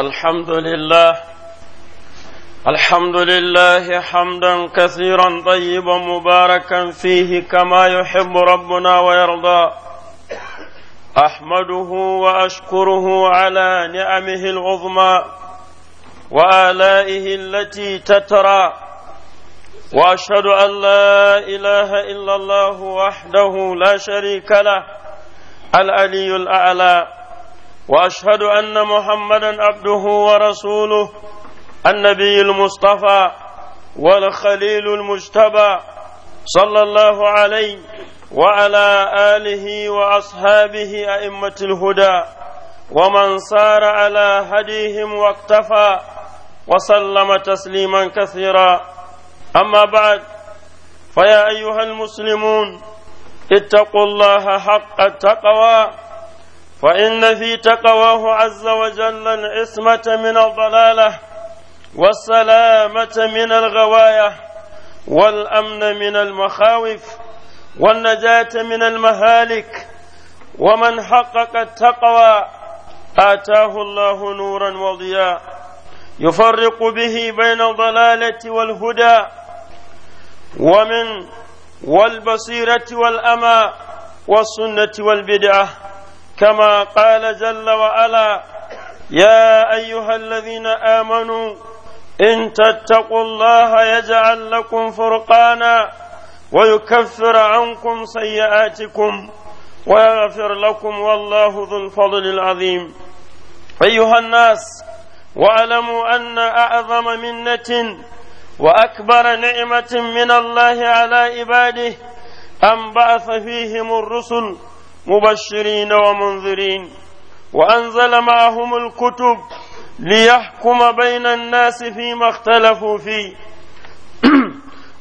الحمد لله الحمد لله حمدا كثيرا طيبا مباركا فيه كما يحب ربنا ويرضى احمده واشكره على نعمه العظمى والائه التي تترى واشهد ان لا اله الا الله وحده لا شريك له العلي الاعلى واشهد ان محمدا عبده ورسوله النبي المصطفى والخليل المجتبى صلى الله عليه وعلى اله واصحابه ائمه الهدى ومن سار على هديهم واقتفى وسلم تسليما كثيرا اما بعد فيا ايها المسلمون اتقوا الله حق التقوى فإن في تقواه عز وجل العصمة من الضلالة والسلامة من الغواية والأمن من المخاوف والنجاة من المهالك ومن حقق التقوى آتاه الله نورا وضياء يفرق به بين الضلالة والهدى ومن والبصيرة والأمى والسنة والبدعة كما قال جل وعلا يا أيها الذين آمنوا إن تتقوا الله يجعل لكم فرقانا ويكفر عنكم سيئاتكم ويغفر لكم والله ذو الفضل العظيم أيها الناس واعلموا أن أعظم منة وأكبر نعمة من الله على عباده أن بعث فيهم الرسل مبشرين ومنذرين وأنزل معهم الكتب ليحكم بين الناس فيما اختلفوا فيه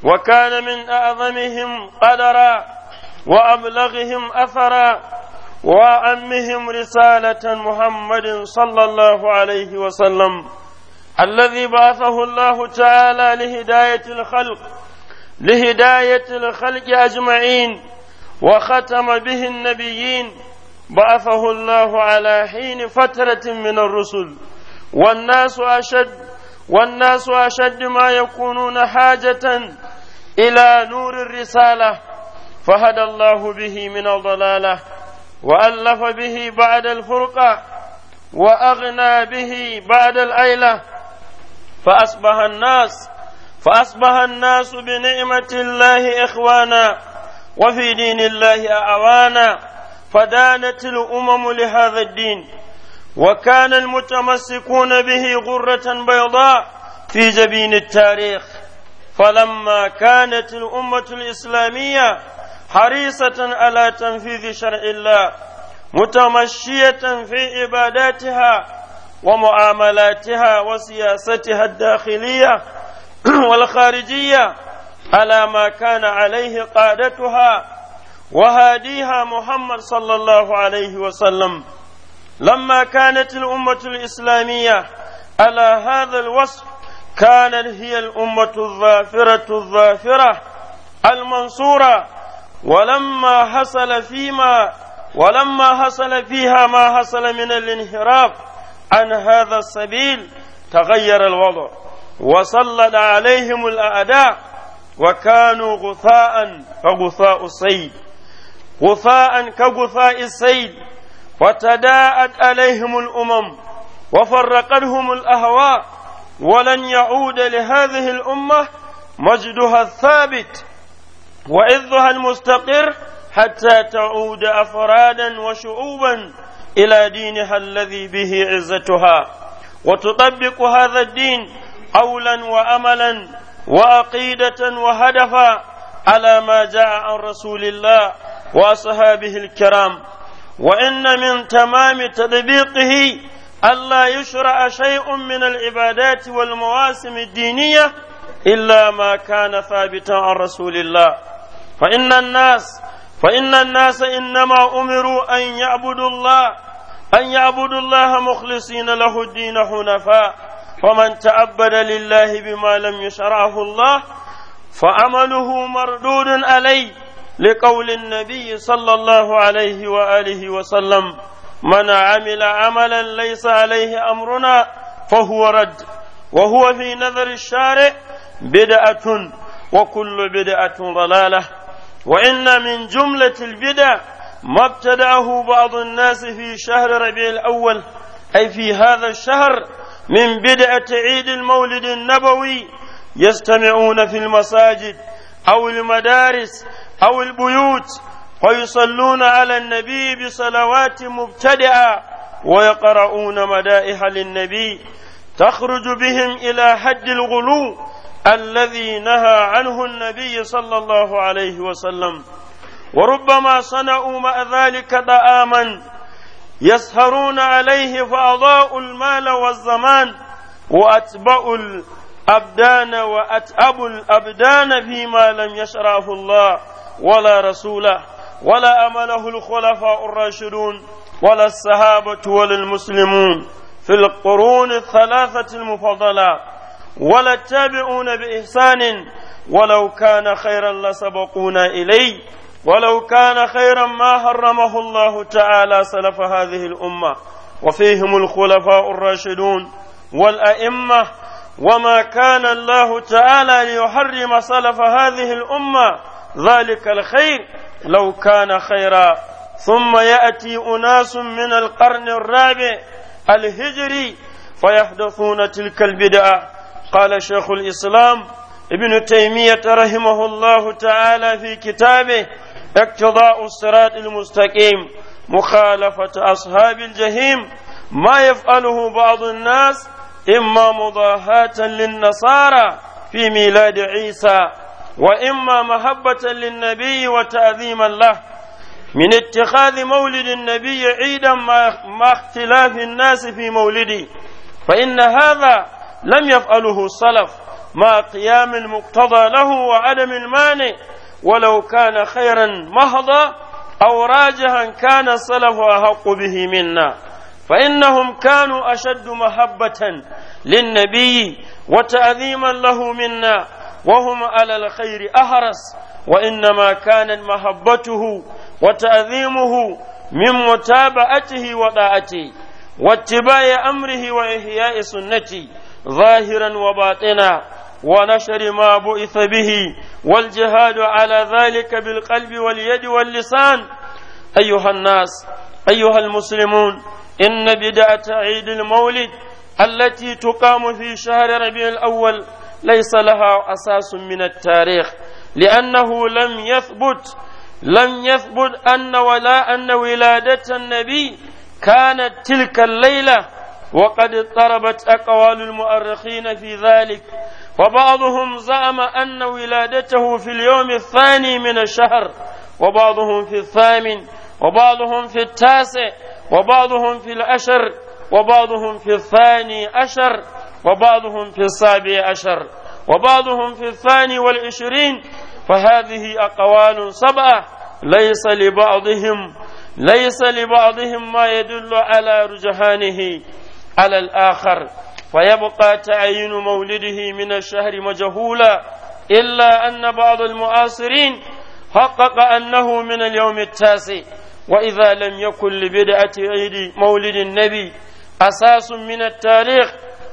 وكان من أعظمهم قدرا وأبلغهم أثرا وأمهم رسالة محمد صلى الله عليه وسلم الذي بعثه الله تعالى لهداية الخلق لهداية الخلق أجمعين وختم به النبيين بعثه الله على حين فترة من الرسل والناس أشد والناس أشد ما يكونون حاجة إلى نور الرسالة فهدى الله به من الضلالة وألف به بعد الفرقة وأغنى به بعد الأيلة فأصبح الناس فأصبح الناس بنعمة الله إخوانا وفي دين الله أعوانا فدانت الأمم لهذا الدين وكان المتمسكون به غرة بيضاء في جبين التاريخ فلما كانت الأمة الإسلامية حريصة على تنفيذ شرع الله متمشية في عباداتها ومعاملاتها وسياستها الداخلية والخارجية على ما كان عليه قادتها وهاديها محمد صلى الله عليه وسلم لما كانت الأمة الإسلامية على هذا الوصف كانت هي الأمة الظافرة الظافرة المنصورة ولما حصل فيما ولما حصل فيها ما حصل من الانحراف عن هذا السبيل تغير الوضع وسلط عليهم الأعداء وكانوا غثاء فغثاء الصيد غثاء كغثاء الصيد وتداءت عليهم الأمم وفرقتهم الأهواء ولن يعود لهذه الأمة مجدها الثابت وعظها المستقر حتى تعود أفرادا وشعوبا إلى دينها الذي به عزتها وتطبق هذا الدين قولا وأملا وعقيدة وهدفا على ما جاء عن رسول الله وأصحابه الكرام وإن من تمام تطبيقه ألا يشرع شيء من العبادات والمواسم الدينية إلا ما كان ثابتا عن رسول الله فإن الناس فإن الناس إنما أمروا أن يعبدوا الله أن يعبدوا الله مخلصين له الدين حنفاء ومن تعبد لله بما لم يشرعه الله فعمله مردود عليه لقول النبي صلى الله عليه واله وسلم من عمل عملا ليس عليه امرنا فهو رد وهو في نظر الشارع بدعه وكل بدعه ضلاله وان من جمله البدع ما ابتدعه بعض الناس في شهر ربيع الاول اي في هذا الشهر من بدعة عيد المولد النبوي يستمعون في المساجد أو المدارس أو البيوت ويصلون على النبي بصلوات مبتدئة ويقرؤون مدائح للنبي تخرج بهم إلى حد الغلو الذي نهى عنه النبي صلى الله عليه وسلم وربما صنعوا مع ذلك طعاما يسهرون عليه فأضاءوا المال والزمان وأتبعوا الأبدان وأتأبوا الأبدان فيما لم يشرعه الله ولا رسوله ولا أمله الخلفاء الراشدون ولا الصحابة ولا المسلمون في القرون الثلاثة المفضلة ولا التابعون بإحسان ولو كان خيرا لسبقونا إليه ولو كان خيرا ما حرمه الله تعالى سلف هذه الأمة وفيهم الخلفاء الراشدون والأئمة وما كان الله تعالى ليحرم سلف هذه الأمة ذلك الخير لو كان خيرا ثم يأتي أناس من القرن الرابع الهجري فيحدثون تلك البدعة قال شيخ الإسلام ابن تيمية رحمه الله تعالى في كتابه اقتضاء الصراط المستقيم مخالفة أصحاب الجحيم ما يفعله بعض الناس إما مضاهاة للنصارى في ميلاد عيسى وإما محبة للنبي وتعظيما له من اتخاذ مولد النبي عيدا مع اختلاف الناس في مولده فإن هذا لم يفعله السلف مع قيام المقتضى له وعدم المانع ولو كان خيرا محضا أو راجها كان السلف أحق به منا فإنهم كانوا أشد محبة للنبي وتعظيما له منا وهم على الخير أحرص وإنما كانت محبته وتعظيمه من متابعته وطاعته واتباع أمره وإحياء سنته ظاهرا وباطنا ونشر ما بعث به والجهاد على ذلك بالقلب واليد واللسان أيها الناس أيها المسلمون إن بدعة عيد المولد التي تقام في شهر ربيع الأول ليس لها أساس من التاريخ لأنه لم يثبت لم يثبت أن ولا أن ولادة النبي كانت تلك الليلة وقد اضطربت أقوال المؤرخين في ذلك وبعضهم زعم أن ولادته في اليوم الثاني من الشهر وبعضهم في الثامن وبعضهم في التاسع وبعضهم في العشر وبعضهم في الثاني عشر وبعضهم في السابع عشر وبعضهم في الثاني والعشرين فهذه أقوال سبعة ليس لبعضهم ليس لبعضهم ما يدل على رجحانه على الآخر ويبقى تعيين مولده من الشهر مجهولا إلا أن بعض المعاصرين حقق أنه من اليوم التاسع وإذا لم يكن لبدعة عيد مولد النبي أساس من التاريخ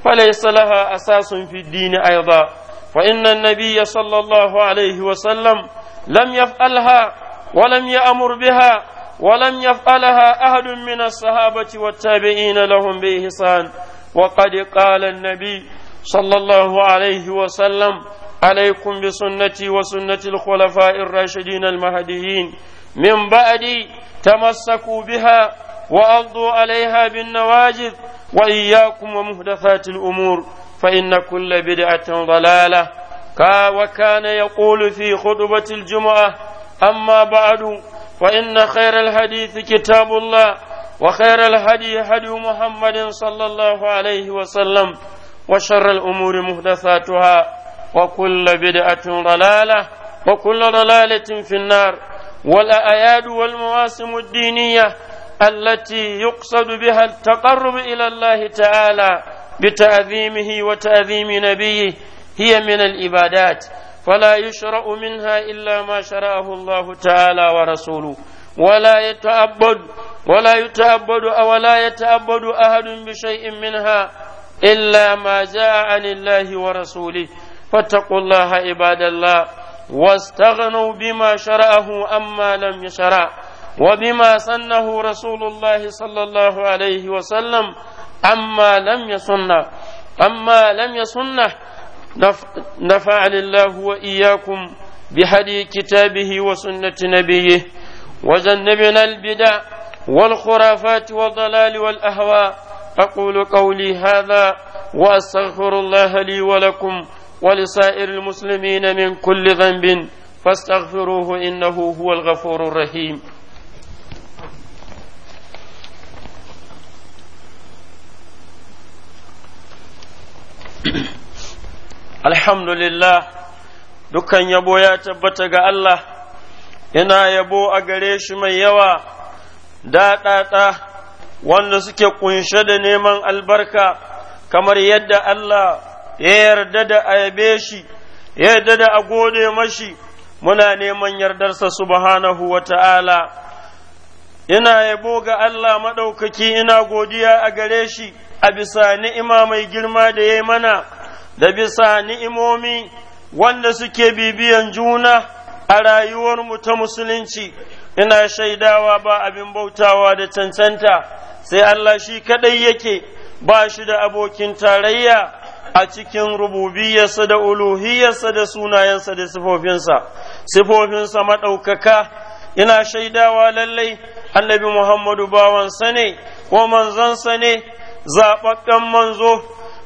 فليس لها أساس في الدين أيضا فإن النبي صلى الله عليه وسلم لم يفعلها ولم يأمر بها ولم يفعلها أحد من الصحابة والتابعين لهم بإحسان وقد قال النبي صلى الله عليه وسلم عليكم بسنتي وسنة الخلفاء الراشدين المهديين من بعدي تمسكوا بها وأضوا عليها بالنواجذ وإياكم ومهدثات الأمور فإن كل بدعة ضلالة وكان يقول في خطبة الجمعة أما بعد فإن خير الحديث كتاب الله وخير الهدي هدي محمد صلى الله عليه وسلم وشر الأمور محدثاتها وكل بدعة ضلالة وكل ضلالة في النار والأياد والمواسم الدينية التي يقصد بها التقرب إلى الله تعالى بتعظيمه وتعظيم نبيه هي من العبادات فلا يشرع منها إلا ما شرعه الله تعالى ورسوله ولا يتعبد ولا يتعبد أو لا يتعبد أحد بشيء منها إلا ما جاء عن الله ورسوله فاتقوا الله عباد الله واستغنوا بما شرعه أما لم يشرع وبما سنه رسول الله صلى الله عليه وسلم أما لم يسنه أما لم يسنه nafa'ani Allah wa iyakum bi hadi kitabihi wa sunnati nabiyyi wa zannabina al-bid'a wal khurafati wa dalal wal ahwa aqulu qawli hadha wa astaghfiru Allah li wa lakum wa li sa'iri al-muslimin min kulli dhanbin fastaghfiruhu innahu huwal ghafurur rahim alhamdulillah dukan yabo ya tabbata ga Allah ina yabo a gare shi mai yawa daɗaɗa wanda suke kunshe da neman albarka kamar yadda Allah ya yarda da a yabe shi ya yarda da a gode mashi muna neman yardarsa subhanahu wa ta'ala ina yabo ga Allah maɗaukaki ina godiya a gare shi a bisa ni'ima mai girma da ya mana da bisa ni'imomi wanda suke bibiyan juna a rayuwar mu ta musulunci ina shaidawa ba abin bautawa da cancanta sai Allah shi kaɗai yake ba shi da abokin tarayya a cikin rububiyarsa da uluhiyarsa da sunayensa da sifofinsa sifofinsa maɗaukaka ina shaidawa lallai annabi muhammadu bawansa ne ko manzansa ne zaɓaɓɓen manzo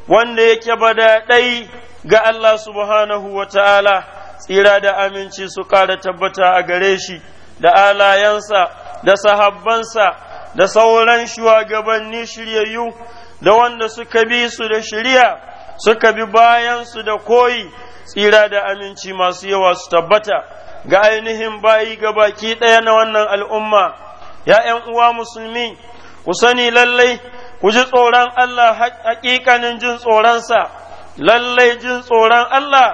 wanda yake bada badaɗai ga Allah subhanahu wa ta'ala, tsira da aminci su ƙara tabbata a gare shi, da alayensa, da sahabbansa, da sauran shugabanni shiryayyu, da wanda suka bi su da shirya, suka bi bayan su da koyi, tsira da aminci masu yawa su tabbata ga ainihin bayi ga baki ɗaya na wannan al'umma, ya ’yan uwa musulmi, ku sani lallai. ku ji tsoron Allah hakikanin jin tsoronsa lallai jin tsoron Allah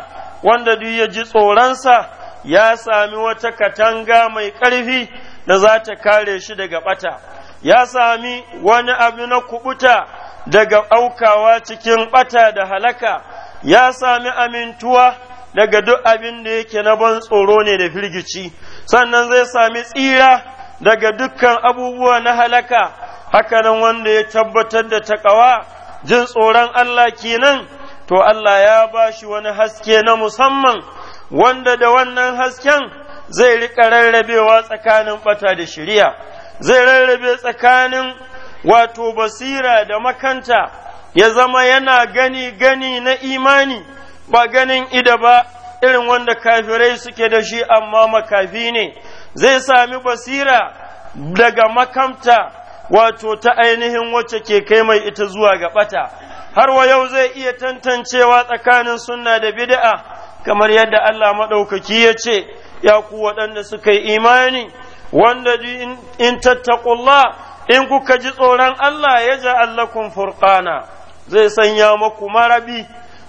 wanda duk ya ji tsoronsa ya sami wata katanga mai ƙarfi da za ta kare shi daga ɓata ya sami wani abu na kubuta daga aukawa cikin ɓata da halaka ya sami amintuwa daga duk abin da yake na ban tsoro ne da firgici sannan zai sami tsira daga dukkan abubuwa na halaka hakanan wanda ya tabbatar da taƙawa jin tsoron Allah kenan to Allah ya ba shi wani haske na musamman wanda da wannan hasken zai riƙa rarrabewa tsakanin ɓata da shirya zai rarrabe tsakanin wato basira da makanta ya zama yana gani gani na imani ba ganin ida ba irin wanda kafirai suke da shi amma makafi ne zai sami basira daga makamta wato ta ainihin wacce ke kai mai ita zuwa ga ɓata, har wa yau zai iya tantancewa tsakanin sunna da bid'a kamar yadda Allah maɗaukaki ya ce, ya ku waɗanda suka yi imani, wanda in tattakullah in kuka ji tsoron Allah ya ja allakun furƙana, zai sanya maku marabi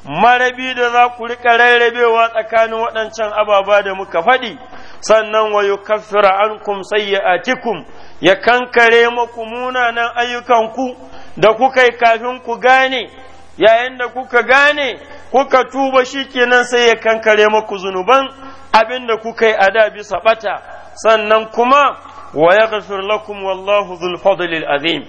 marabi da za ku riƙa rarrabewa tsakanin waɗancan ababa da muka faɗi sannan wa yukaffira ankum sayyi'atikum ya kankare muku munanan ayyukanku da kuka yi kafin ku gane yayin da kuka gane kuka tuba shi shikenan sai ya kankare maku zunuban abin da kuka yi a da bisa ɓata sannan kuma wa yaghfir lakum wallahu dhul fadlil azim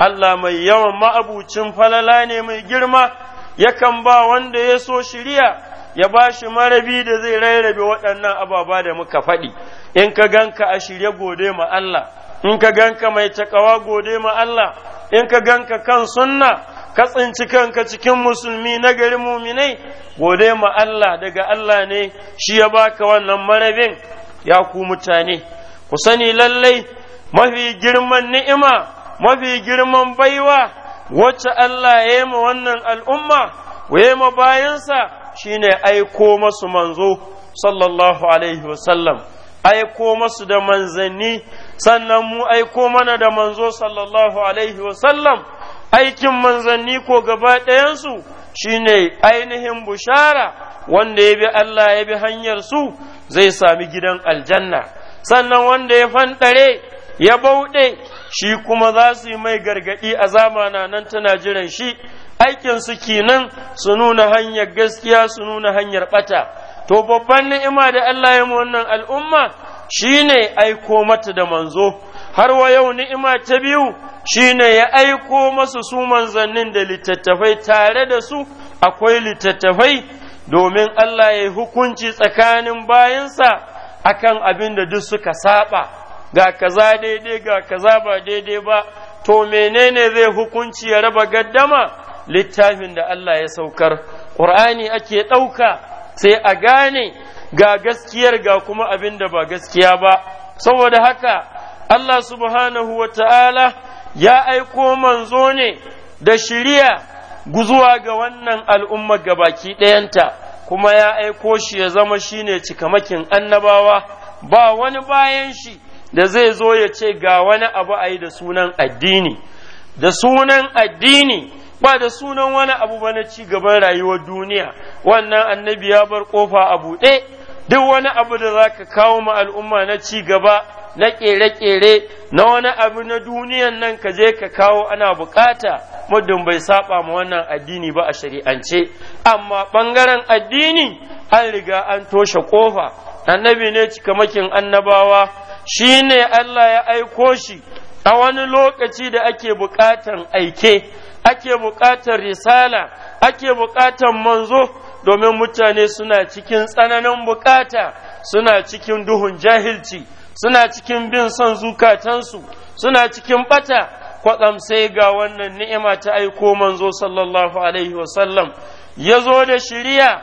Allah mai yawan ma'abucin falala ne mai girma yakan ba wanda ya so shirya ya ba shi marabi da zai rairabe waɗannan ababa da muka faɗi in ka ganka a shirye gode ma Allah in ka ganka mai takawa gode ma Allah in ka ganka kan sunna ka tsinci kanka cikin musulmi na gari muminai gode ma Allah daga Allah ne shi ya baka wannan marabin ya ku mutane ku sani lallai mafi girman ni'ima mafi girman baiwa wacce Allah ya yi ma wannan al'umma, ya ma bayansa shi ne aiko masu manzo, sallallahu Alaihi wasallam, aiko masu da manzanni, sannan mu aiko mana da manzo, sallallahu Alaihi wasallam, aikin manzanni ko gaba ɗayansu ne ainihin bushara wanda ya bi Allah ya bi hanyarsu zai sami gidan aljanna, sannan wanda ya fanɗare, ya bauɗe. shi kuma za su yi mai gargaɗi a zamana nan tana jiran shi aikinsu kenan su nuna hanyar gaskiya su nuna hanyar ɓata to babban ni'ima da Allah ya wannan al'umma shine aiko mata da manzo har wa yau ni'ima ta biyu shine ya aiko masu su manzannin da littattafai tare da su akwai littattafai domin Allah ya yi hukunci tsakanin bayansa akan abin da duk suka saba ga kaza daidai ga kaza ba daidai ba to menene zai hukunci ya raba gaddama littafin da Allah ya saukar ƙur'ani ake ɗauka sai a gane ga gaskiyar ga kuma abin da ba gaskiya ba saboda haka Allah subhanahu wa ta'ala ya aiko manzo ne da shiriya guzuwa ga wannan al'umma gabaki ɗayanta kuma ya aiko shi ya zama shine cikamakin annabawa ba wani bayan shi da zai zo ya ce ga wani abu a da sunan addini da sunan addini ba da sunan wani abu ba na ci gaban rayuwar duniya wannan annabi ya bar kofa a buɗe duk wani abu da za ka kawo ma al'umma na ci gaba na ƙere-ƙere na wani abu na duniyan nan ka je ka kawo ana bukata muddin bai saba ma wannan addini ba a shari'ance amma ɓangaren addini an riga an toshe kofa annabi ne cikamakin annabawa shi ne Allah ya aiko shi a wani lokaci da ake buƙatar aike, ake buƙatar risala, ake buƙatar manzo domin mutane suna cikin tsananin bukata suna cikin duhun jahilci, suna cikin bin son zukatansu, suna cikin ɓata, kwaɗam sai ga wannan ni'ima ta aiko manzo sallallahu alaihi wasallam ya zo da shirya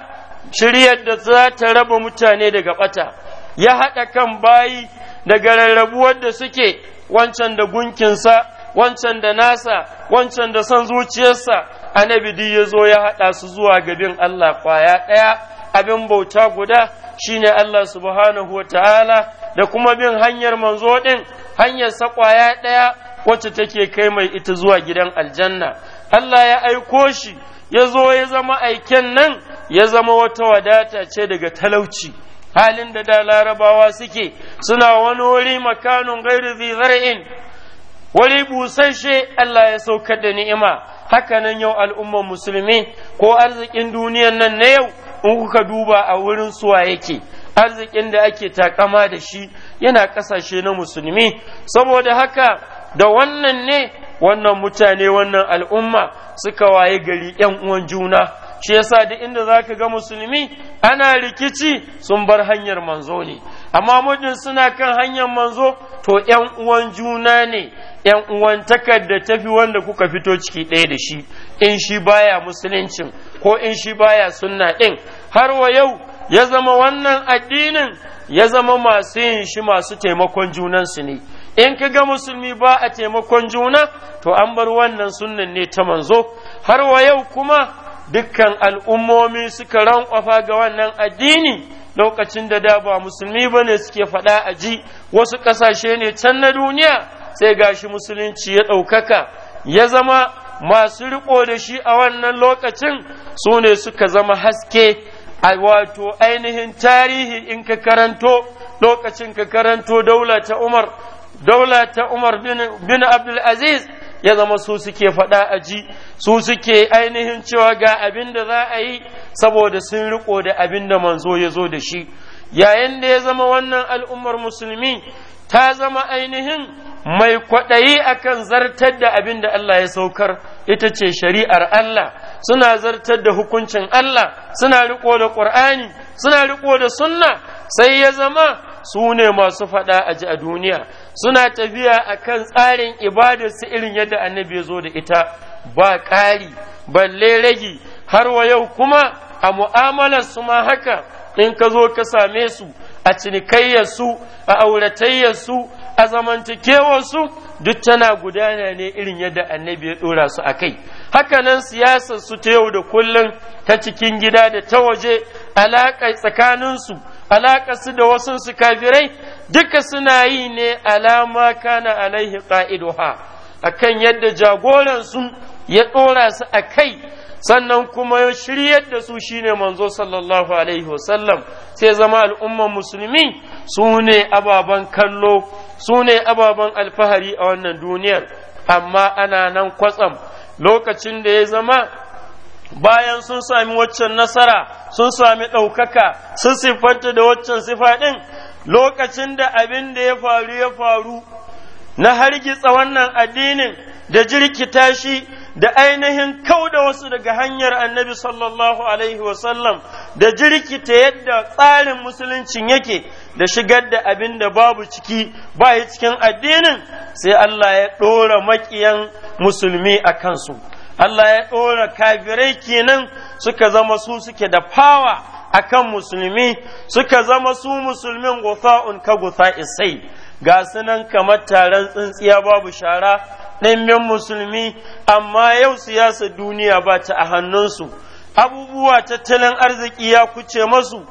shiryar da za ta raba mutane daga ɓata, ya haɗa kan bayi. daga rarrabuwar da suke wancan da gunkinsa wancan da nasa wancan da son zuciyarsa annabi duk ya zo ya haɗa su zuwa gabin Allah kwaya ɗaya abin bauta guda shine Allah subhanahu wa ta'ala da kuma bin hanyar manzo ɗin hanyar sa kwaya ɗaya wacce take kai mai ita zuwa gidan aljanna Allah ya aiko shi ya zo ya zama aiken nan ya zama wata wadata ce daga talauci halin da da larabawa suke suna wani wuri makanun gairu zara'in wuri busasshe Allah ya saukar da ni'ima haka nan yau al'ummar musulmi ko arzikin duniyan nan na yau in kuka duba a wurin suwa yake arzikin da ake takama da shi yana kasashe na musulmi saboda haka da wannan ne wannan mutane wannan al'umma suka waye gari 'yan uwan juna shi yasa duk inda zaka ga musulmi ana rikici sun bar hanyar manzo ne amma mudin suna kan hanyar manzo to 'yan uwan juna ne 'yan uwan takarda tafi wanda kuka fito ciki ɗaya da shi in shi baya musuluncin ko in shi baya sunna ɗin har wa yau ya zama wannan addinin ya zama masu yin shi masu taimakon junansu ne in ka ga musulmi ba a taimakon juna to an bar wannan sunnan ne ta manzo har wa yau kuma dukkan al'ummomi suka rankwafa ga wannan addini lokacin da da ba musulmi ba ne suke faɗa a ji wasu ƙasashe ne can na duniya sai ga shi musulunci ya ɗaukaka ya zama masu riƙo da shi a wannan lokacin su ne suka zama haske a wato ainihin tarihi in ka karanto lokacin ka karanto daula ta umar daula ta umar bin aziz. ya zama su suke faɗa a ji su suke ainihin cewa ga abin da za a yi saboda sun riko da abin da manzo ya zo da shi yayin da ya zama wannan al'ummar musulmi ta zama ainihin mai kwaɗayi akan zartar da abin da Allah ya saukar ita ce shari'ar Allah suna zartar da hukuncin Allah suna riko da ƙur'ani suna riko da sunna sai ya zama su ne masu faɗa a ji a duniya suna tafiya kan tsarin ibadarsu irin yadda annabi ya zo da ita ba ƙari balle ragi har wa yau kuma a mu'amalar su ma haka in ka zo ka same su a cinikayyarsu a auratayyarsu a zamantakewarsu duk tana gudana ne irin yadda annabi ya ɗora su a kai hakanan siyasarsu ta yau da kullum ta cikin gida da ta waje alaƙa tsakaninsu alaƙasu da wasu su kafirai duka suna yi ne alama kana alaihi ƙa'iduha akan yadda jagoransu ya ɗora su a kai sannan kuma ya shiryar da su shine manzo sallallahu alaihi wasallam sai zama al'umman musulmi su ne ababen kallo su ne ababen alfahari a wannan duniyar amma ana nan kwatsam lokacin da ya zama bayan sun sami waccan nasara sun sami ɗaukaka sun siffanta da waccan sifa ɗin lokacin da abin da ya faru ya faru na hargitsa wannan addinin da jirkita shi da ainihin kau da wasu daga hanyar annabi sallallahu alaihi wasallam da jirkita yadda tsarin musuluncin yake da shigar da abin da babu ciki ba cikin addinin sai Allah ya ɗora maƙiyan musulmi a kansu. Allah ya ɗora kafirai kenan suka zama su suke da fawa kan musulmi suka zama su musulmin gufa'un ka gufa isai ga sunan kamar taron tsintsiya babu shara ɗanben musulmi amma yau siyasa duniya ba ta a hannunsu abubuwa tattalin arziki ya kuce masu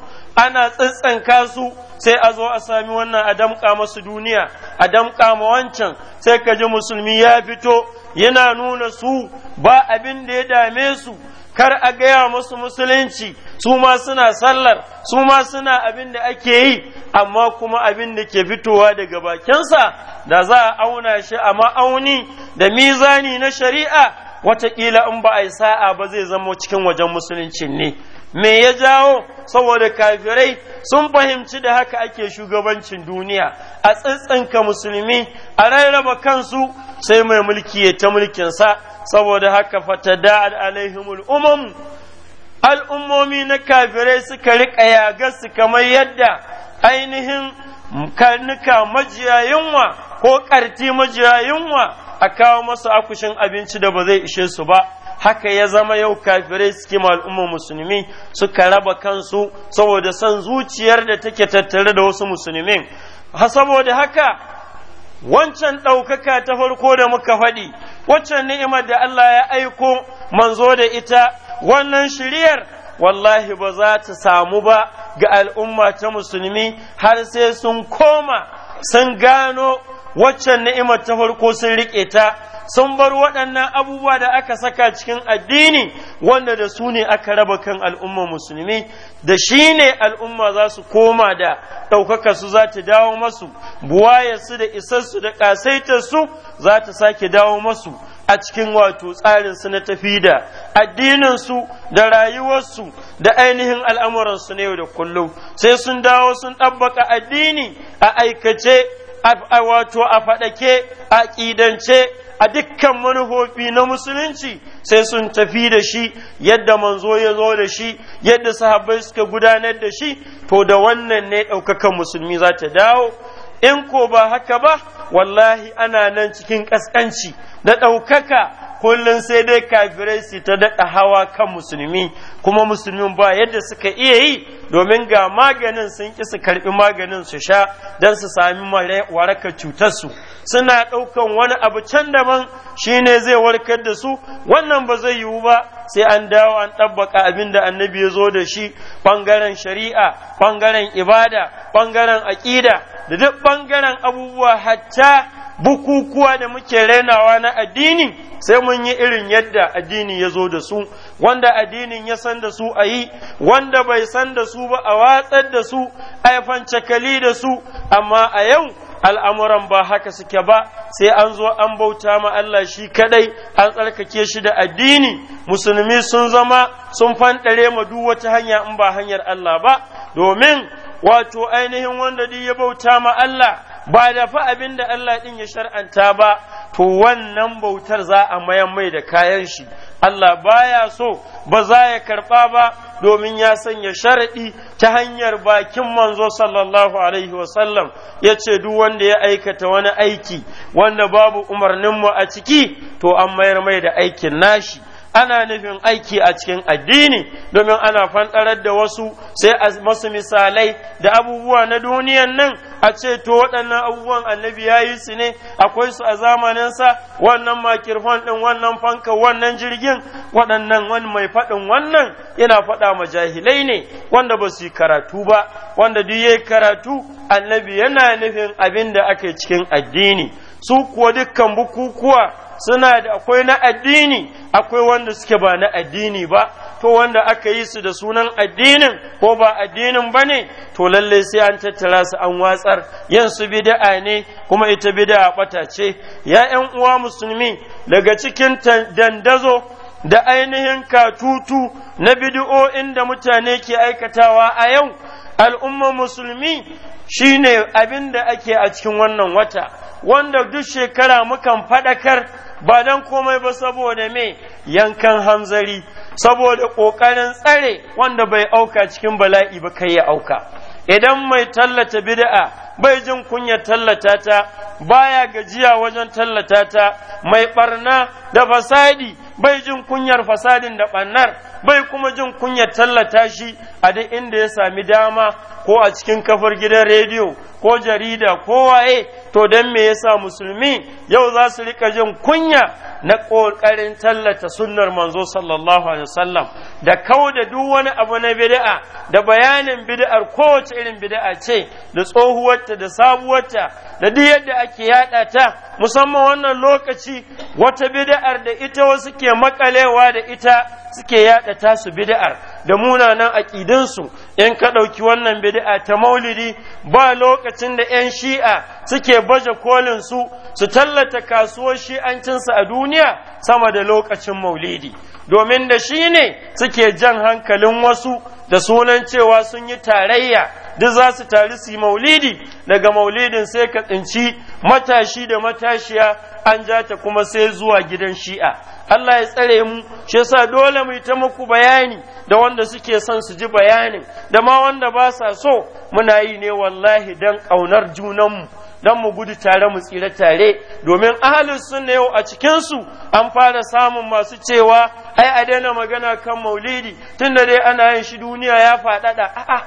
ana tsantsanka su sai a zo a sami wannan a damƙa masu duniya a damƙa ma wancan sai ka ji musulmi ya fito yana nuna su ba abin da ya dame su kar a gaya musu musulunci su ma suna sallar su ma suna abin da ake yi amma kuma abin da ke fitowa daga bakinsa da za a auna shi a ma'auni da mizani na shari'a watakila in ba a yi sa'a ba zai zama cikin wajen musulunci ne me ya jawo saboda kafirai sun fahimci da haka ake shugabancin duniya a tsintsinka musulmi a rarraba kansu sai mai mulki ya ta sa. saboda haka fatada alaihimul umam al'ummomi na kafirai suka riƙa yagarsu kamar yadda ainihin karnuka majiya yunwa ko ƙarti majiya yunwa a kawo masu akushin abinci da ba zai ishe su ba haka ya zama yau kafirai suke al'ummar musulmi suka raba kansu saboda son zuciyar da take tattare da wasu musulmin saboda haka wancan ɗaukaka ta farko da muka faɗi waccan ni'imar da Allah ya aiko manzo da ita wannan shiriyar wallahi ba za ta samu ba ga al'umma ta musulmi har sai sun koma sun gano waccan ni'imar ta farko sun riƙe ta sun bar waɗannan abubuwa da aka saka cikin addini wanda da su ne aka raba kan al'umma musulmi da shi ne al'umma za su koma da ɗaukaka su za ta dawo masu buwayarsu da isarsu da ƙasaitarsu za ta sake dawo masu a cikin wato tsarinsu na tafi da addininsu da rayuwarsu da ainihin al'amuransu na yau da kullum sai sun dawo sun ɗabbaka addini a aikace a wato a faɗake a ƙidance a dukkan manufofi na musulunci sai sun tafi da shi yadda manzo ya zo da shi yadda sahabbai suka gudanar da shi to da wannan ne ɗaukakan musulmi za ta dawo in ko ba haka ba wallahi ana nan cikin ƙasƙanci da ɗaukaka kullum sai dai kafirai su ta daɗa hawa kan musulmi kuma musulmin ba yadda suka iya yi domin ga maganin sun ƙi su karɓi maganin su sha don su sami waraka cutarsu suna ɗaukan wani abu can daban shine zai warkar da su wannan ba zai yiwu ba sai an dawo an ɗabbaka abin da annabi ya zo da shi ɓangaren shari'a ɓangaren ibada ɓangaren aƙida da duk ɓangaren abubuwa hatta bukukuwa da muke rainawa na addini sai mun yi irin yadda addini ya zo da su wanda addinin ya san da su a yi wanda bai san da su ba a watsar da su a yafan cakali da su amma a yau al'amuran ba haka suke ba sai an zo an bauta ma Allah shi kadai an tsarkake shi da addini musulmi sun zama sun fanɗare ma duk wata hanya in ba hanyar Allah ba domin wato ainihin wanda ya bauta ma Allah ba da fa abin Allah ɗin ya shar'anta ba, to wannan bautar za a mayan mai da kayan shi, Allah baya so ba za ya karɓa ba domin ya sanya sharaɗi ta hanyar bakin manzo sallallahu Alaihi wasallam ya ce duk wanda ya aikata wani aiki wanda babu umarninmu a ciki, to an mayar mai da aikin nashi. ana nufin aiki a cikin addini domin ana fanɗarar da wasu sai a masu misalai da abubuwa na duniyan nan a ce to waɗannan abubuwan annabi ya yi su ne akwai su a zamaninsa wannan makirfan ɗin wannan fanka wannan jirgin waɗannan wani mai faɗin wannan yana faɗa ma jahilai ne wanda ba su yi karatu ba wanda duk ya karatu annabi yana nufin abin da ake cikin addini su kuwa dukkan bukukuwa suna da akwai na addini akwai wanda suke ba na addini ba to wanda aka yi su da sunan addinin ko ba addinin ba ne to lallai sai an tattara su an watsar yin su bida'a ne kuma ita bida'a bata ce ya uwa musulmi daga cikin dandazo da ainihin katutu na bidi'o'in da mutane ke aikatawa a yau al'umma musulmi shine abin da ake a cikin wannan wata wanda duk shekara mukan faɗakar ba don komai ba saboda me yankan hanzari saboda ƙoƙarin tsare wanda bai auka cikin bala'i ba kai ya auka idan mai tallata bid'a bai jin kunya tallata ta baya gajiya wajen tallata ta mai barna da fasadi bai jin kunyar fasadin da ɓannar bai kuma jin kunyar tallata shi a duk inda ya sami dama ko a cikin kafar gidan rediyo ko jarida ko waye to don me yasa musulmi yau za su rika jin kunya na ƙoƙarin tallata sunnar manzo sallallahu alaihi wasallam da kauda duk wani abu na bid'a da bayanin bid'ar kowace irin bid'a ce da tsohuwarta da sabuwarta da duk yadda ake yada ta musamman wannan lokaci wata bid'ar da ita wasu ke makalewa da ita suke yada tasu bid'ar da munanan aƙidinsu in ka ɗauki wannan bid'a ta maulidi ba lokacin da 'yan shi'a suke baje kolin su su tallata kasuwar shi'ancinsu a duniya sama da lokacin maulidi domin da shi ne suke jan hankalin wasu da sunan cewa sun yi tarayya duk za su tari su maulidi daga maulidin sai ka tsinci matashi da matashiya an ja ta kuma sai zuwa gidan shi'a Allah ya tsare mu shi yasa dole mu yi ta muku bayani da wanda suke son su ji bayanin da ma wanda ba sa so muna yi ne wallahi dan ƙaunar junanmu dan mu gudu tare mu tsira tare domin ahalin sunna yau a cikin su an fara samun masu cewa ai a daina magana kan maulidi tunda dai ana yin shi duniya ya faɗaɗa a'a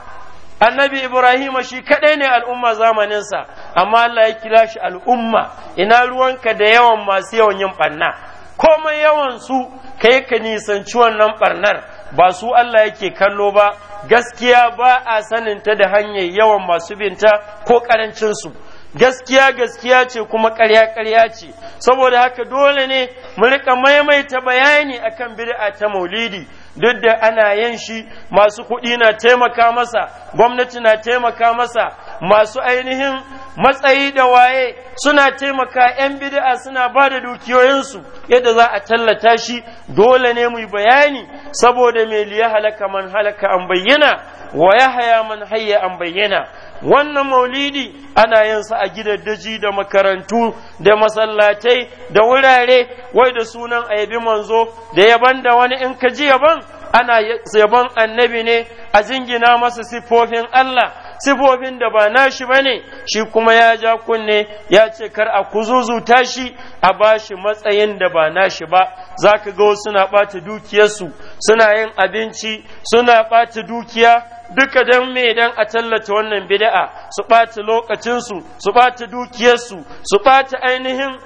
annabi ibrahim shi kaɗai ne al'umma zamaninsa amma Allah ya kira shi al'umma ina ruwanka da yawan masu yawan yin ɓanna komai yawansu kai ka nisanci wannan barnar ba su Allah yake kallo ba gaskiya ba a sanin ta da hanyar yawan masu binta ko ƙarancinsu gaskiya gaskiya ce kuma ƙarya ƙarya ce saboda haka dole ne mu rika maimaita bayani akan bid'a ta maulidi duk da ana yin shi masu kuɗi na taimaka masa gwamnati na taimaka masa masu ainihin matsayi da waye suna taimaka 'yan bid'a suna ba da dukiyoyinsu yadda za a tallata shi dole ne mu bayani saboda mai liya halaka man halaka an bayyana wa ya haya man hayya an bayyana wannan maulidi ana yin sa a gidaddaji da makarantu da masallatai da wurare wai da sunan ayabi manzo da yaban da wani in ka ji yaban ana yaban annabi ne a jingina masa siffofin Allah sifofin da ba nashi bane shi kuma ya ja kunne ya ce kar a kuzuzuta shi a bashi matsayin da ba nashi ba Za ka ga wasu na ɓata dukiyarsu suna yin abinci suna ɓata dukiya duka dan me dan a tallata wannan bid'a su ɓata lokacinsu su ɓata dukiyarsu su bata ainihin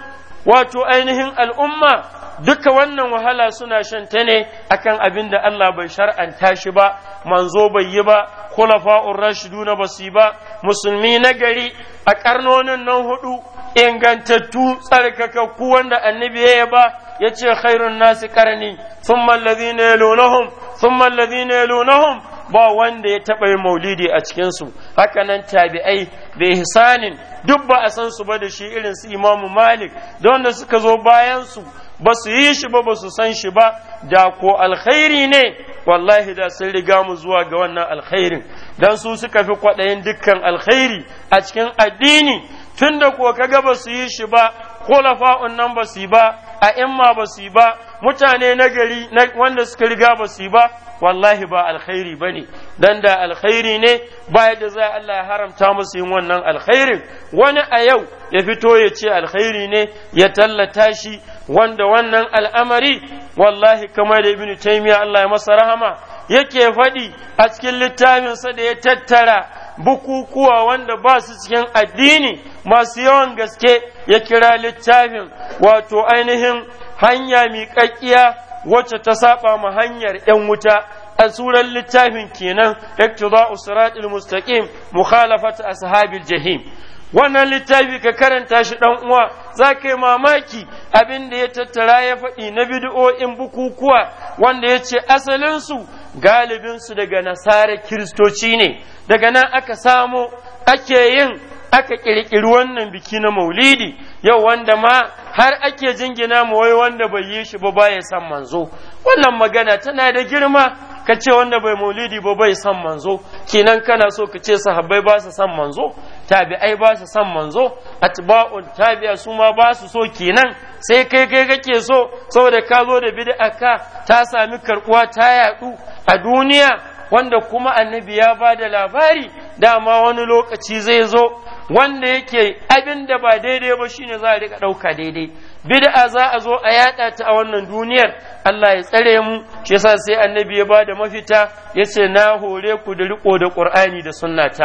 wato ainihin al'umma duka wannan wahala suna shan ta ne akan abin da Allah bai shar'anta shi ba manzo bai yi ba khulafa'ur rashiduna ba su ba musulmi na gari a karnonin nan hudu ingantattu tsarkakakku wanda annabi ya ba ya ce khairun nasi karni thumma alladhina yalunahum thumma alladhina yalunahum ba wanda ya taɓa yin maulidi a cikinsu hakanan tabi'ai da ihsanin duk ba a san su ba da shi irin su imamu malik da wanda suka zo bayan su ba su yi shi ba ba su san shi ba da ko alkhairi ne wallahi da sun riga mu zuwa ga wannan alkhairin dan su suka fi kwaɗayin dukkan alkhairi a cikin addini Tunda da ko kaga ba su yi shi ba khulafa'un nan ba su yi ba a imma ba su yi ba mutane na gari wanda suka riga ba su yi ba wallahi ba alkhairi bane. ne dan da alkhairi ne ba yadda za Allah ya haramta musu yin wannan alkhairin wani a yau ya fito ya ce alkhairi ne ya tallata shi wanda wannan al'amari wallahi kamar da ibn taymiya Allah ya masa rahama yake faɗi a cikin littafinsa da ya tattara bukukuwa wanda ba su cikin addini masu yawan gaske ya kira littafin wato ainihin hanya miƙaƙƙiya wacce ta saba ma hanyar 'yan wuta a suran littafin kenan iktida'u siratil mustaqim mukhalafat ashabil jahim wannan littafi ka karanta shi ɗan uwa za ka yi mamaki abin da ya tattara ya faɗi na bidiyo'in bukukuwa wanda ya ce asalinsu galibinsu daga nasara kiristoci ne daga nan aka samo ake yin aka ƙirƙiri wannan biki na maulidi yau wanda ma har ake jingina mu wai wanda bai yi shi ba baya san manzo wannan magana tana da girma ka ce wanda bai maulidi ba bai san manzo kenan kana so ka ce sahabbai ba su san manzo tabi'ai ba su san manzo atba'ul tabi'a su ma ba su so kenan sai kai kai kake so saboda ka zo da bid'a ka ta sami karkuwa ta yadu a duniya wanda kuma annabi ya ba da labari dama wani lokaci zai zo wanda yake abin da ba daidai ba shine za a rika ɗauka daidai bid'a za a zo a yada ta a wannan duniyar Allah ya tsare mu shi yasa sai annabi ya bada mafita yace na hore ku da riko da Qur'ani da sunnata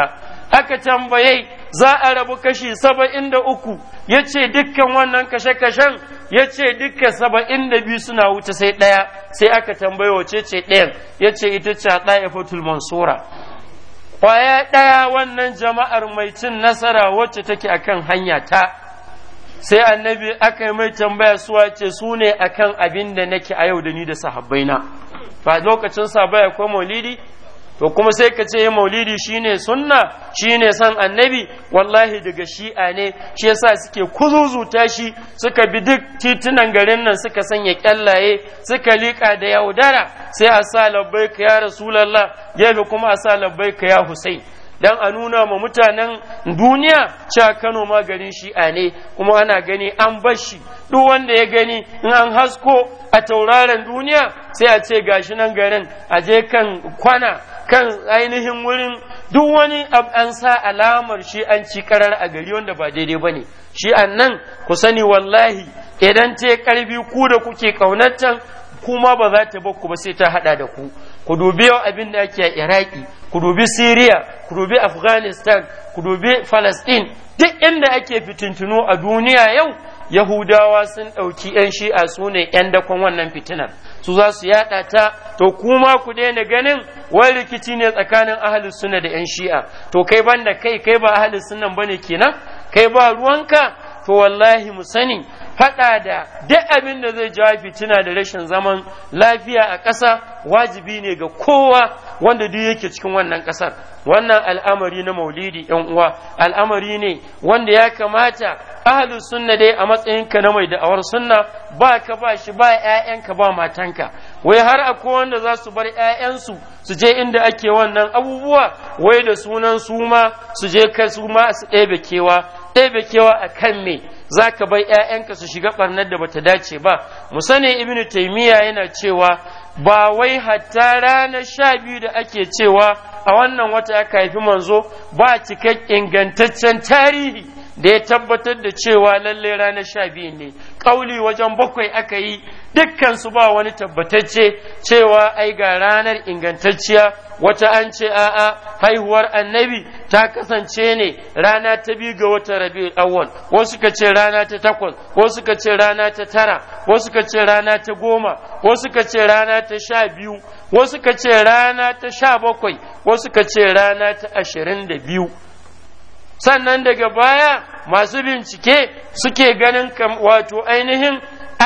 aka tambaye za a rabu kashi saba'in da uku yace dukkan wannan kashe-kashen ya ce duka saba'in da biyu suna wuce sai ɗaya sai aka tambaye wace ce ɗayan ya ce ita ce ɗaya fatul mansura ƙwaya ɗaya wannan jama'ar mai cin nasara wacce take akan hanya ta sai annabi aka yi mai tambaya suwa ce su ne akan abin da nake a yau da ni da sahabbaina ba lokacin sabaya ko maulidi to kuma sai ka ce maulidi shine sunna shine san annabi wallahi daga shi'a ne shi yasa suke kuzuzuta shi suka bi duk titunan garin nan suka sanya kyallaye suka liƙa da yaudara sai a sa labbaika ya rasulallah gefe kuma a sa labbaika ya husain dan a nuna ma mutanen duniya cewa Kano ma garin shi'a ne kuma ana gani an bashi duk wanda ya gani in an hasko a tauraron duniya sai a ce gashi nan garin a je kan kwana kan ainihin wurin duk wani an sa alamar shi an ci karar a gari wanda ba daidai ba ne shi annan, ku sani wallahi idan ta karfi ku da kuke kaunatan kuma ba za ta bakku ba sai ta haɗa da ku ku dubi yau abin da ake a iraki ku dubi syria ku dubi afghanistan ku dubi falastin duk inda ake fitintunu a duniya yau yahudawa sun ɗauki 'yan shi'a su ne 'yan dakon wannan fitinar su za su yaɗa ta to kuma ku daina ganin wani rikici ne tsakanin ahalin suna da 'yan shi'a to kai banda kai kai ba ahalin sunan bane kenan kai ba ruwanka to wallahi mu sani faɗa da duk abin da zai jawo fitina da rashin zaman lafiya a ƙasa wajibi ne ga kowa wanda duk yake cikin wannan ƙasar wannan al'amari na maulidi yan uwa al'amari ne wanda ya kamata ahlu sunna dai a matsayinka na mai da'awar sunna ba ka ba shi ba ƴaƴanka ba matanka wai har akwai wanda za su bar ƴaƴansu su je inda ake wannan abubuwa wai da sunan su ma su je kai su ma su ɗebe kewa ɗebe kewa a kan me za ka bai ‘ya'yanka su shiga ɓarnar da bata dace ba mu sani ibnu taimiyya yana cewa ba wai hatta ranar sha biyu da ake cewa a wannan wata aka haifi manzo ba cikakken ingantaccen tarihi da ya tabbatar da cewa lallai ranar sha biyu ne kauli wajen bakwai aka yi dukkan su ba wani tabbatacce cewa ai ga ranar ingantacciya wata an ce a'a haihuwar annabi ta kasance ne rana ta biyu ga wata rabi awon wasu suka ce rana ta takwas wasu suka ce rana ta tara wasu suka ce rana ta goma wasu suka ce rana ta sha biyu wasu suka ce rana ta sha bakwai wasu suka ce rana ta ashirin da biyu sannan daga baya masu bincike suke ganin wato ainihin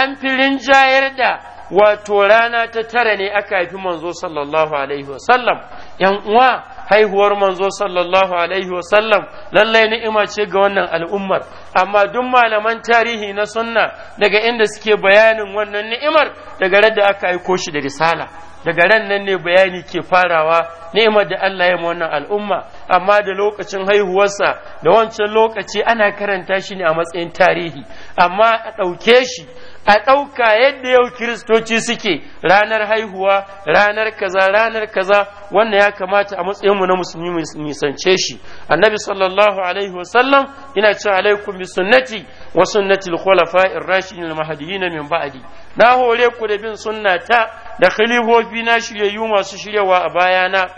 an filin jayar da wato rana ta tara ne aka haifi manzo sallallahu alaihi wasallam yan uwa haihuwar manzo sallallahu alaihi wasallam lallai ni'ima ce ga wannan al'ummar amma duk malaman tarihi na sunna daga inda suke bayanin wannan ni'imar daga radda aka aiko shi da risala daga ran nan ne bayani ke farawa ni'imar da Allah ya wannan al'umma amma da lokacin haihuwarsa da wancan lokaci ana karanta shi ne a matsayin tarihi amma a ɗauke shi a ɗauka yadda yau kiristoci suke ranar haihuwa ranar kaza ranar kaza wannan ya kamata a matsayinmu na musulmi mu nisance shi annabi sallallahu alaihi wasallam ina cewa alaikum bi sunnati wa sunnati al-khulafa'ir rashidin al-mahdiyyin min ba'di na hore ku da bin sunnata da khalifofi na shiryayyu masu shiryawa a bayana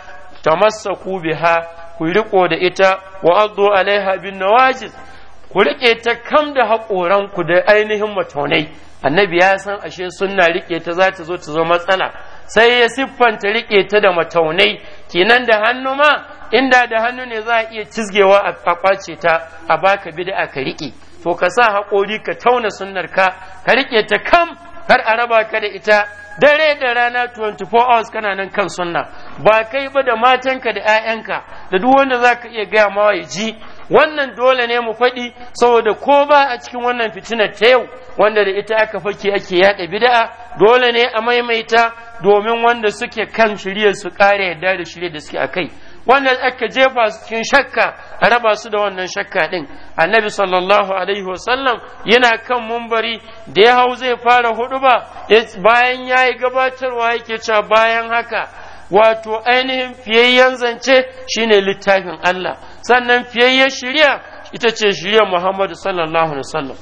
tamassaku biha ku riko da ita wa addu alaiha bin nawajiz ku rike ta kam da haƙoranku da ainihin matonai annabi ya san ashe sunna rike ta za ta zo ta zo matsala sai ya siffanta rike ta da mataunai kenan da hannu ma inda da hannu ne za a iya cizgewa a kwace ta a baka bid'a ka rike to ka sa haƙori ka tauna sunnar ka ka rike ta kam har a raba ka da ita dare da rana 24 hours kana nan kan sunna ba kai ba da matanka da 'ya'yanka da duk wanda za ka iya gaya ma ya ji wannan dole ne mu faɗi saboda ko ba a cikin wannan fitinar ta yau wanda da ita aka fake ake yaɗa bid'a dole ne a maimaita domin wanda suke kan shirye su ƙara yadda da shirye da suke akai wanda aka jefa su cikin shakka a raba su da wannan shakka din annabi sallallahu alaihi wasallam yana kan mumbari da ya hau zai fara hudu ba bayan ya yi gabatarwa yake cewa bayan haka wato ainihin fiyayyen zance shine littafin Allah sannan ya shirya ita ce shirya Muhammadu sallallahu alaihi wasallam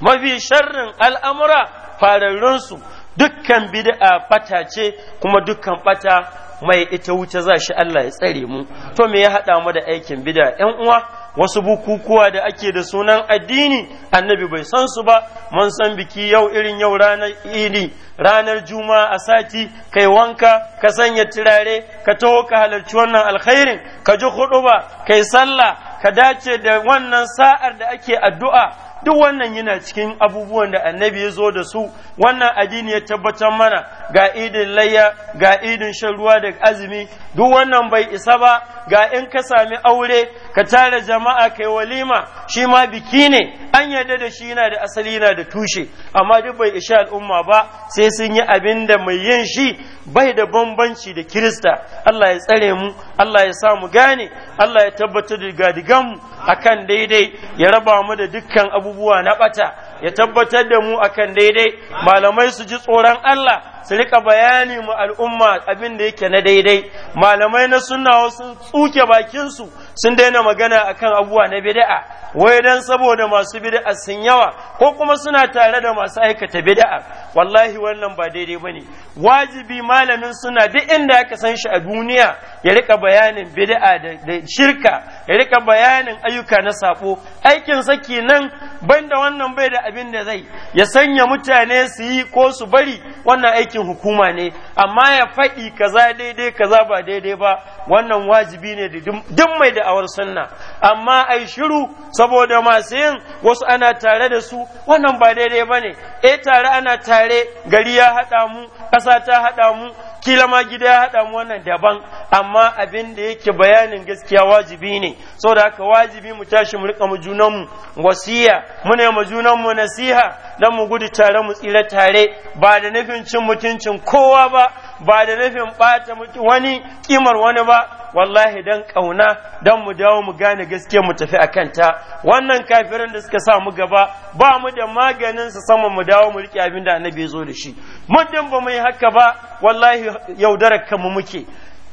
mafi sharrin al'amura fararrunsu dukkan bid'a fata ce kuma dukkan bata mai ita wuce za shi Allah ya tsare mu to me ya haɗa mu da aikin bid'a 'yan uwa wasu bukukuwa da ake da sunan addini annabi bai san su ba mun san biki yau irin yau ranar idi ranar juma'a a sati kai wanka ka sanya turare ka taho ka halarci wannan alkhairin ka ji huɗuba kai sallah ka dace da wannan sa'ar da ake addu'a duk wannan yana cikin abubuwan da annabi ya zo da su wannan addini ya tabbatar mana ga idin layya ga idin shan ruwa da azumi duk wannan bai isa ba ga in ka sami aure ka tara jama'a kai walima shi ma biki ne an yarda da shi yana da asali yana da tushe amma duk bai isha al'umma ba sai sun yi abin da mai yin shi bai da bambanci da kirista Allah ya tsare mu Allah ya sa mu gane Allah ya tabbatar da gadigan mu akan daidai ya raba mu da dukkan abubuwa na bata ya tabbatar da mu akan daidai malamai su ji tsoron Allah su rika bayani mu al'umma abin da yake na daidai malamai na sunna sun tsuke bakin su sun daina magana akan abubuwa na bid'a wai dan saboda masu bid'a sun yawa ko kuma suna tare da masu aikata bid'a wallahi wannan ba daidai bane wajibi malamin suna duk inda aka san shi a duniya ya rika bayanin bid'a da shirka ya rika bayanin ayyuka na sabo aikin saki nan banda wannan bai da abin da zai ya sanya mutane su yi ko su bari wannan aikin hukuma ne amma ya faɗi kaza daidai kaza ba daidai ba wannan wajibi ne da duk mai da da'awar sunna amma ai shiru saboda masu yin wasu ana tare da su wannan ba daidai ba ne e tare ana tare gari ya haɗa mu ƙasa ta haɗa mu kila ma gida ya haɗa mu wannan daban amma abin da yake bayanin gaskiya wajibi ne saboda haka wajibi mu tashi mu riƙa mu junan mu wasiya muna mu junan mu nasiha dan mu gudu tare mu tsira tare ba da nufin cin mutuncin kowa ba ba da nufin ɓata muki wani kimar wani ba wallahi dan ƙauna dan mu dawo mu gane gaske mu tafi a kanta wannan kafirin da suka sa mu gaba ba mu da maganin su sama mu dawo mu riƙe abin da annabi ya zo da shi muddin ba mu yi haka ba wallahi yaudarar kanmu muke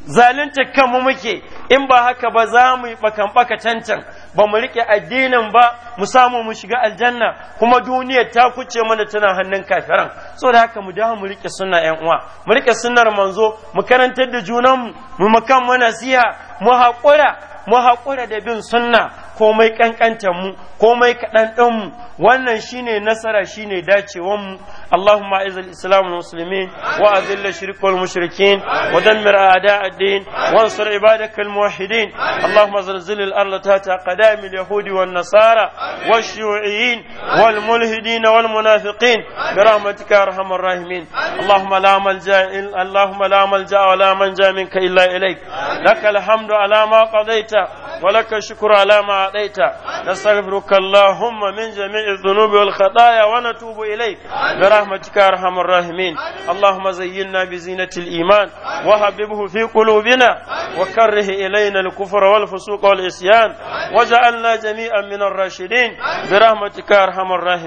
zalunta kanmu muke in ba haka ba za mu yi bakan baka cancan ba mu rike addinin ba mu samu mu shiga aljanna kuma duniyar ta kuce mana tana hannun kafiran so da haka mu dawo mu rike sunna yan uwa mu rike sunnar manzo mu karantar da junanmu mu makan mana nasiha mu haƙura mu haƙura da bin sunna komai ƙanƙantar mu komai kaɗan mu wannan shine nasara shine dacewan mu Allahumma izil islam wal muslimin wa azil shirk wal mushrikin wa dammir a'da ad-din wa ansur ibadak al muwahhidin Allahumma zalzil al arda tahta nasara wal shuyu'in wal mulhidin wal munafiqin rahimin Allahumma la malja Allahumma la malja wa la manja illa ilaik lakal hamdu hamdu ala ma qadaita wa laka adaita nastaghfiruka allahumma min jami'i dhunubi wal wa natubu ilayk bi rahmatika arhamar rahimin allahumma zayyinna bi zinatil iman wa habibhu fi qulubina wa karrih ilayna al kufra wal fusuq wal isyan waj'alna jami'an min bi rahmatika arhamar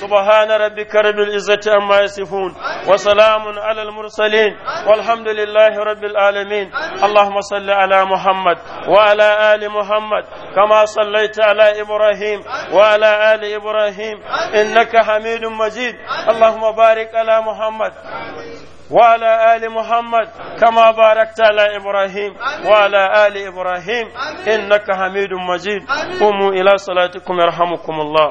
subhana rabbika rabbil izzati amma yasifun wa mursalin walhamdulillahi rabbil alamin اللهم صل محمد وعلى آل محمد كما صليت على إبراهيم وعلى آل إبراهيم إنك حميد مجيد اللهم بارك على محمد وعلى آل محمد كما باركت على إبراهيم وعلى آل إبراهيم إنك حميد مجيد قوموا إلى صلاتكم يرحمكم الله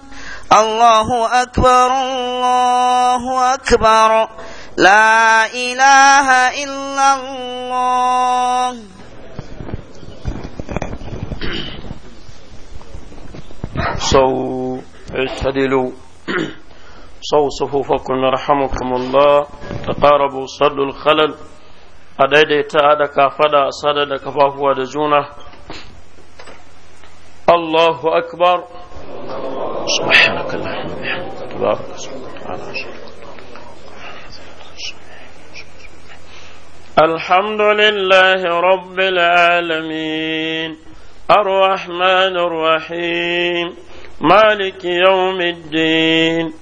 الله أكبر الله أكبر لا إله إلا الله صو اعتدلوا صو صفوفكم رحمكم الله تقاربوا صلوا الخلل أديد أدك فدا صدد كفافوا دجونه الله أكبر سبحانك اللهم وبحمدك تبارك الحمد لله رب العالمين الرحمن الرحيم مالك يوم الدين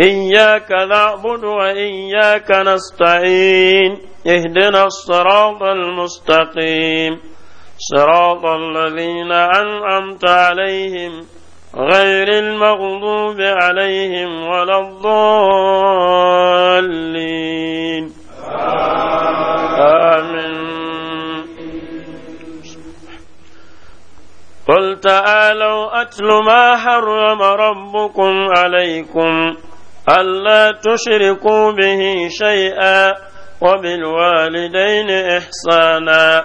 إياك نعبد وإياك نستعين اهدنا الصراط المستقيم صراط الذين أنعمت عليهم غير المغضوب عليهم ولا الضالين آمين قل تعالوا أتل ما حرم ربكم عليكم ألا تشركوا به شيئا وبالوالدين إحسانا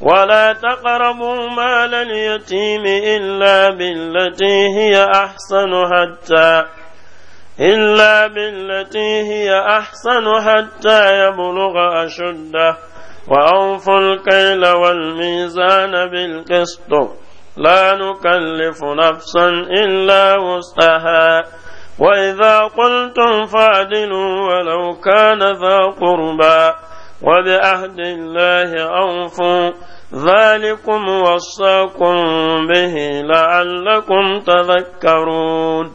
ولا تقربوا مال اليتيم إلا بالتي هي أحسن حتى إلا بالتي هي أحسن حتى يبلغ أشده وأوفوا الكيل والميزان بالقسط لا نكلف نفسا إلا وسعها وإذا قلتم فاعدلوا ولو كان ذا قربى وبعهد الله أوفوا ذلكم وصاكم به لعلكم تذكرون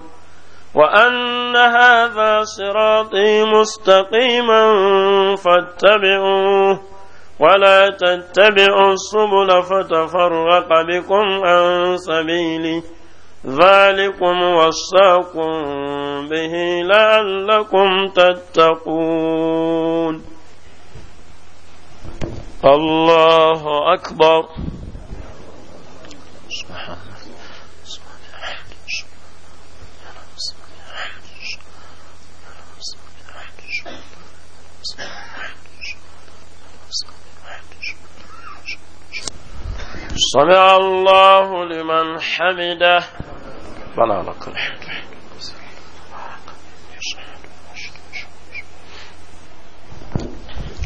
وأن هذا صراطي مستقيما فاتبعوه ولا تتبعوا السبل فتفرق بكم عن سبيله ذلكم وصاكم به لعلكم تتقون الله أكبر سبحان سمع الله لمن حمده ربنا لك الحمد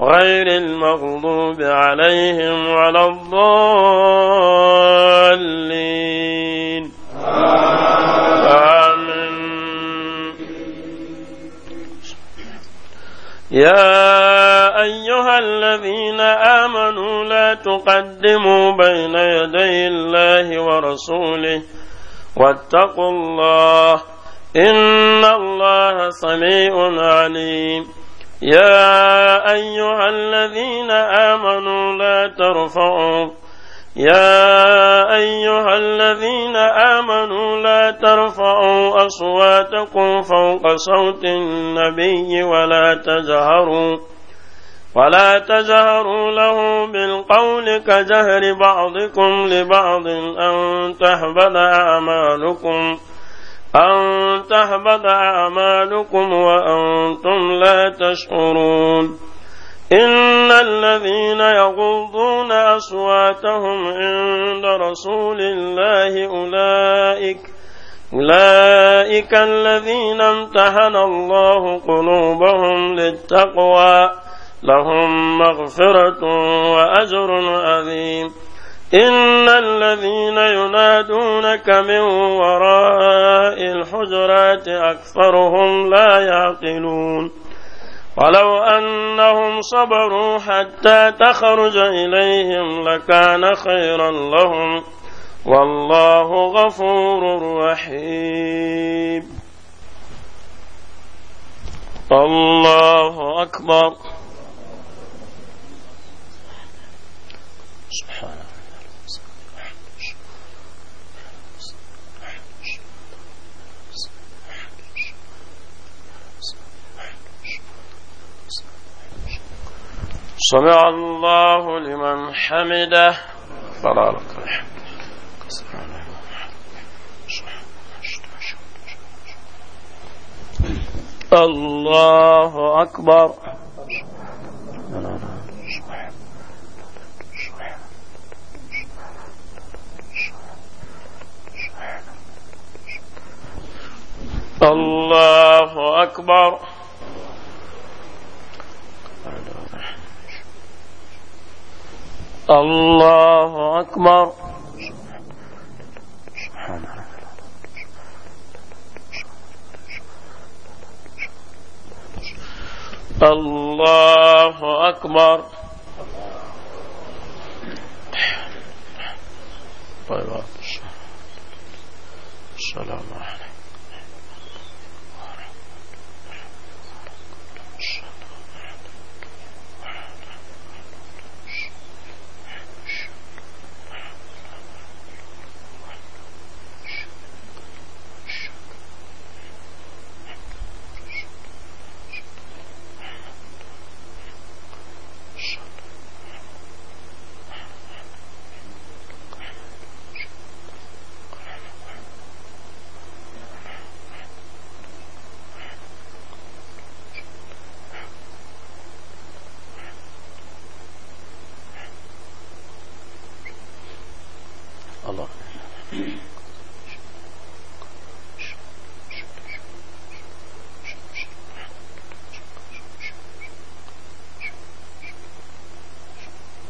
غير المغضوب عليهم ولا الضالين آمين يا أيها الذين آمنوا لا تقدموا بين يدي الله ورسوله واتقوا الله إن الله سميع عليم يا أيها الذين آمنوا لا ترفعوا يا أيها الذين آمنوا لا ترفعوا أصواتكم فوق صوت النبي ولا تجهروا ولا تجهروا له بالقول كجهر بعضكم لبعض أن تهبل أعمالكم ۖ أن تهبط أعمالكم وأنتم لا تشعرون إن الذين يغضون أصواتهم عند رسول الله أولئك أولئك الذين امتحن الله قلوبهم للتقوى لهم مغفرة وأجر عظيم إن الذين ينادونك من وراء الحجرات أكثرهم لا يعقلون ولو أنهم صبروا حتى تخرج إليهم لكان خيرا لهم والله غفور رحيم الله أكبر سبحانه سمع الله لمن حمده فلا لك الحمد الله أكبر الله أكبر الله أكبر الله أكبر طيب السلام عليكم